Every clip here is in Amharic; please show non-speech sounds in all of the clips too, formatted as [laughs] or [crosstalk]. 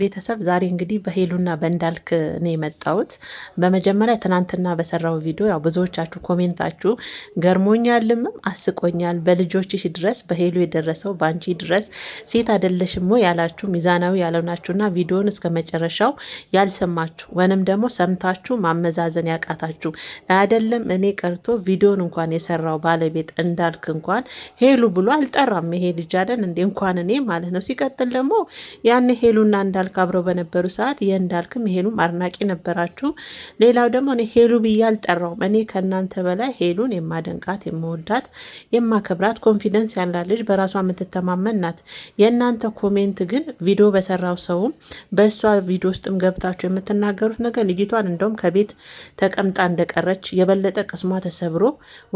ቤተሰብ ዛሬ እንግዲህ በሄሉና በእንዳልክ ነው የመጣሁት። በመጀመሪያ ትናንትና በሰራው ቪዲዮ ያው ብዙዎቻችሁ ኮሜንታችሁ ገርሞኛልም አስቆኛል። በልጆችሽ ድረስ በሄሉ የደረሰው በአንቺ ድረስ ሴት አይደለሽም ወይ ያላችሁ ሚዛናዊ ያልሆናችሁና ቪዲዮን እስከ መጨረሻው ያልሰማችሁ ወንም ደግሞ ሰምታችሁ ማመዛዘን ያቃታችሁ አይደለም። እኔ ቀርቶ ቪዲዮን እንኳን የሰራው ባለቤት እንዳልክ እንኳን ሄሉ ብሎ አልጠራም። ይሄ ልጅ አይደል እንዴ እንኳን እኔ ማለት ነው። ሲቀጥል ደግሞ ያን ሄሉና እንዳልክ አብረው በነበሩ ሰዓት የእንዳልክም ሄሉም አድናቂ ነበራችሁ። ሌላው ደግሞ እኔ ሄሉ ብዬ አልጠራውም። እኔ ከእናንተ በላይ ሄሉን የማደንቃት የመወዳት የማከብራት ኮንፊደንስ ያላት ልጅ በራሷ የምትተማመን ናት። የእናንተ ኮሜንት ግን ቪዲዮ በሰራው ሰውም በእሷ ቪዲዮ ውስጥም ገብታችሁ የምትናገሩት ነገር ልጅቷን እንደውም ከቤት ተቀምጣ እንደቀረች የበለጠ ቅስሟ ተሰብሮ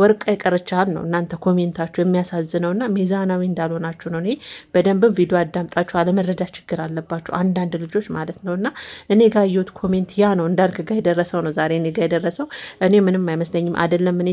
ወርቃ የቀረቻን ነው እናንተ ኮሜንታችሁ የሚያሳዝነውና ሚዛናዊ እንዳልሆናችሁ ነው። እኔ በደንብም ቪዲዮ አዳምጣችሁ አለመረዳት ችግር አለባችሁ። አንዳንድ ልጆች ማለት ነው። እና እኔ ጋር የወት ኮሜንት ያ ነው እንዳልክ ጋ የደረሰው ነው ዛሬ እኔ ጋ የደረሰው። እኔ ምንም አይመስለኝም አይደለም። እኔ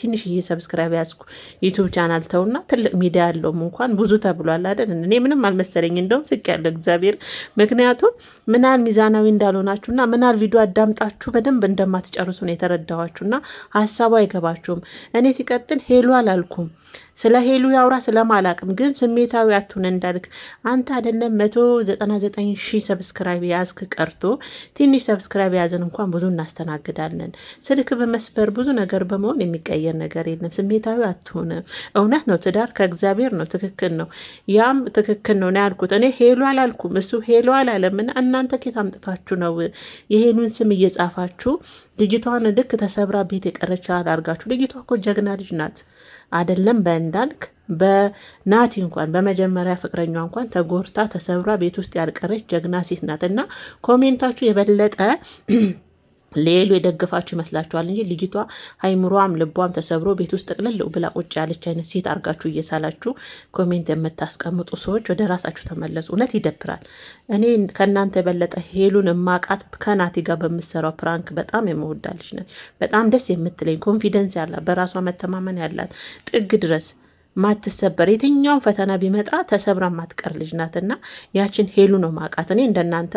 ትንሽ ይሄ ሰብስክራይብ ያዝኩ ዩቱብ ቻናል ተውና ትልቅ ሚዲያ ያለውም እንኳን ብዙ ተብሏል አይደል? እኔ ምንም አልመሰለኝ፣ እንደውም ስቅ ያለው እግዚአብሔር። ምክንያቱም ምናል ሚዛናዊ እንዳልሆናችሁና ምናል ቪዲዮ አዳምጣችሁ በደንብ እንደማትጨርሱ ነው የተረዳኋችሁና ሀሳቡ አይገባችሁም። እኔ ሲቀጥል ሄሉ አላልኩም። ስለ ሄሉ ያውራ ስለማላቅም ግን ስሜታዊ አትሁን እንዳልክ አንተ አይደለም መቶ ዘጠና 49 ሺህ ሰብስክራይብ ያዝክ ቀርቶ ትንሽ ሰብስክራይብ ያዘን እንኳን ብዙ እናስተናግዳለን። ስልክ በመስበር ብዙ ነገር በመሆን የሚቀየር ነገር የለም። ስሜታዊ አትሆነ። እውነት ነው። ትዳር ከእግዚአብሔር ነው። ትክክል ነው። ያም ትክክል ነው ያልኩት እኔ ሄሉ አላልኩም፣ እሱ ሄሉ አላለምና እናንተ ኬት አምጥታችሁ ነው የሄሉን ስም እየጻፋችሁ ልጅቷን ልክ ተሰብራ ቤት የቀረች አድርጋችሁ? ልጅቷ እኮ ጀግና ልጅ ናት አይደለም በእንዳልክ በናቲ እንኳን በመጀመሪያ ፍቅረኛ እንኳን ተጎርታ ተሰብራ ቤት ውስጥ ያልቀረች ጀግና ሴት ናት እና ኮሜንታችሁ የበለጠ [clears throat] ሌሉ የደገፋችሁ ይመስላችኋል እንጂ ልጅቷ ሀይምሯም ልቧም ተሰብሮ ቤት ውስጥ ጥቅልል ብላ ቁጭ ያለች አይነት ሴት አርጋችሁ እየሳላችሁ ኮሜንት የምታስቀምጡ ሰዎች ወደ ራሳችሁ ተመለሱ። እውነት ይደብራል። እኔ ከእናንተ የበለጠ ሄሉን እማቃት ከናቲ ጋር በምሰራው ፕራንክ በጣም የምወዳልች ነች። በጣም ደስ የምትለኝ ኮንፊደንስ ያላት በራሷ መተማመን ያላት ጥግ ድረስ ማትሰበር የትኛውም ፈተና ቢመጣ ተሰብራ ማትቀር ልጅ ናት እና ያችን ሄሉ ነው ማቃት እኔ እንደናንተ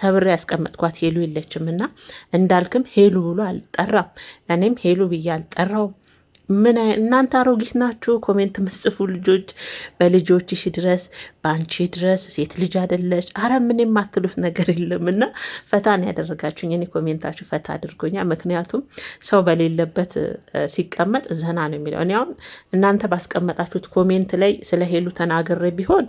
ሰብሬ ያስቀመጥኳት ሄሉ የለችም እና እንዳልክም ሄሉ ብሎ አልጠራም፣ እኔም ሄሉ ብዬ አልጠራውም። ምን እናንተ አሮጊት ናችሁ? ኮሜንት ምጽፉ ልጆች በልጆችሽ ድረስ በአንቺ ድረስ ሴት ልጅ አደለች። አረ ምን የማትሉት ነገር የለም። እና ፈታን ያደረጋችሁኝ እኔ ኮሜንታችሁ ፈታ አድርጎኛ። ምክንያቱም ሰው በሌለበት ሲቀመጥ ዘና ነው የሚለው። እኔ አሁን እናንተ ባስቀመጣችሁት ኮሜንት ላይ ስለ ሄሉ ተናግሬ ቢሆን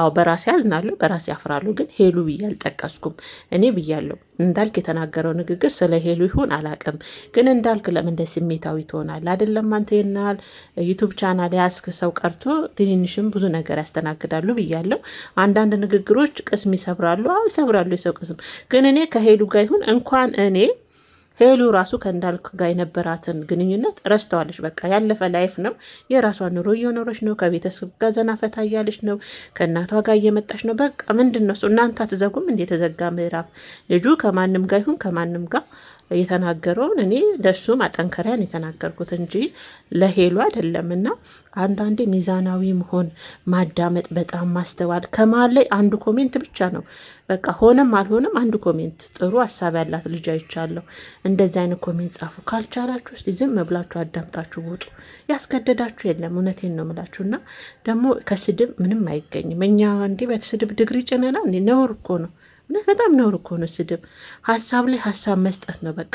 አዎ በራሴ አዝናለሁ፣ በራሴ አፍራለሁ። ግን ሄሉ ብዬ አልጠቀስኩም። እኔ ብያለሁ እንዳልክ የተናገረው ንግግር ስለ ሄሉ ይሁን አላቅም። ግን እንዳልክ ለምን እንደ ስሜታዊ ትሆናል? አደለም ይናል ዩቱብ ቻናል ያስክ ሰው ቀርቶ ትንንሽም ብዙ ነገር ያስተናግዳሉ ብያለሁ። አንዳንድ ንግግሮች ቅስም ይሰብራሉ። አዎ ይሰብራሉ፣ የሰው ቅስም ግን እኔ ከሄሉ ጋር ይሁን እንኳን እኔ ሄሉ ራሱ ከእንዳልክ ጋር የነበራትን ግንኙነት ረስተዋለች። በቃ ያለፈ ላይፍ ነው። የራሷ ኑሮ እየኖረች ነው። ከቤተሰብ ጋር ዘና ፈታ እያለች ነው። ከእናቷ ጋር እየመጣች ነው። በቃ ምንድን ነው እናንተ አትዘጉም እንዴ? የተዘጋ ምዕራፍ ልጁ ከማንም ጋር ይሁን ከማንም ጋር የተናገረውን እኔ ለሱ ማጠንከሪያን የተናገርኩት እንጂ ለሄሉ አይደለም። እና አንዳንዴ ሚዛናዊ መሆን፣ ማዳመጥ፣ በጣም ማስተዋል። ከመሀል ላይ አንዱ ኮሜንት ብቻ ነው በቃ ሆነም አልሆነም አንዱ ኮሜንት ጥሩ ሀሳብ ያላት ልጅ አይቻለሁ። እንደዚህ አይነት ኮሜንት ጻፉ። ካልቻላችሁ ውስጥ ዝም ብላችሁ አዳምጣችሁ ውጡ። ያስገደዳችሁ የለም። እውነቴን ነው የምላችሁ። እና ደግሞ ከስድብ ምንም አይገኝም። እኛ እንዲህ በስድብ ድግሪ ጭነና ነውር እኮ ነው። እውነት በጣም ነውር እኮ ነው ስድብ። ሀሳብ ላይ ሀሳብ መስጠት ነው በቃ።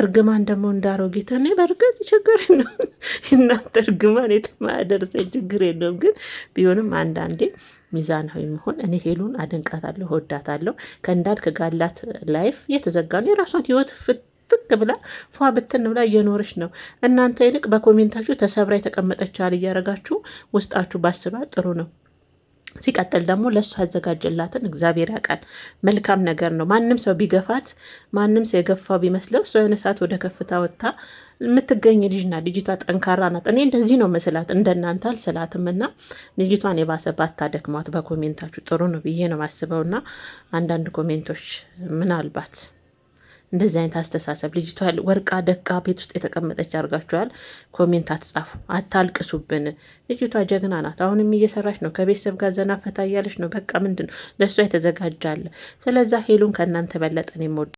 እርግማን ደግሞ እንዳሮጌት እኔ በእርግጥ ችግር ነው [laughs] እናንተ እርግማን የተማደርሰ ችግር የለውም። ግን ቢሆንም አንዳንዴ ሚዛናዊ መሆን እኔ ሄሉን አደንቃታለሁ፣ እወዳታለሁ። ከእንዳልክ ጋላት ላይፍ የተዘጋ ነው። የራሷን ህይወት ፍትክ ብላ ፏ ብትን ብላ እየኖረች ነው። እናንተ ይልቅ በኮሜንታችሁ ተሰብራ የተቀመጠች አል እያረጋችሁ ውስጣችሁ ባስባ ጥሩ ነው። ሲቀጥል ደግሞ ለእሱ ያዘጋጀላትን እግዚአብሔር ያውቃል። መልካም ነገር ነው። ማንም ሰው ቢገፋት፣ ማንም ሰው የገፋው ቢመስለው እሷ የሆነ ሰዓት ወደ ከፍታ ወጥታ የምትገኝ ልጅ ናት። ልጅቷ ጠንካራ ናት። እኔ እንደዚህ ነው መስላት እንደናንተ አልስላትም። እና ልጅቷን የባሰባት ታደክሟት። በኮሜንታችሁ ጥሩ ነው ብዬ ነው ማስበውና አንዳንድ ኮሜንቶች ምናልባት እንደዚህ አይነት አስተሳሰብ ልጅቷ ወርቃ ደቃ ቤት ውስጥ የተቀመጠች አድርጋችኋል። ኮሜንት አትጻፉ፣ አታልቅሱብን። ልጅቷ ጀግና ናት። አሁንም እየሰራች ነው። ከቤተሰብ ጋር ዘና ፈታ እያለች ነው። በቃ ምንድን ነው ለእሷ የተዘጋጃለ። ስለዛ ሄሉን ከእናንተ በለጠን የምወድ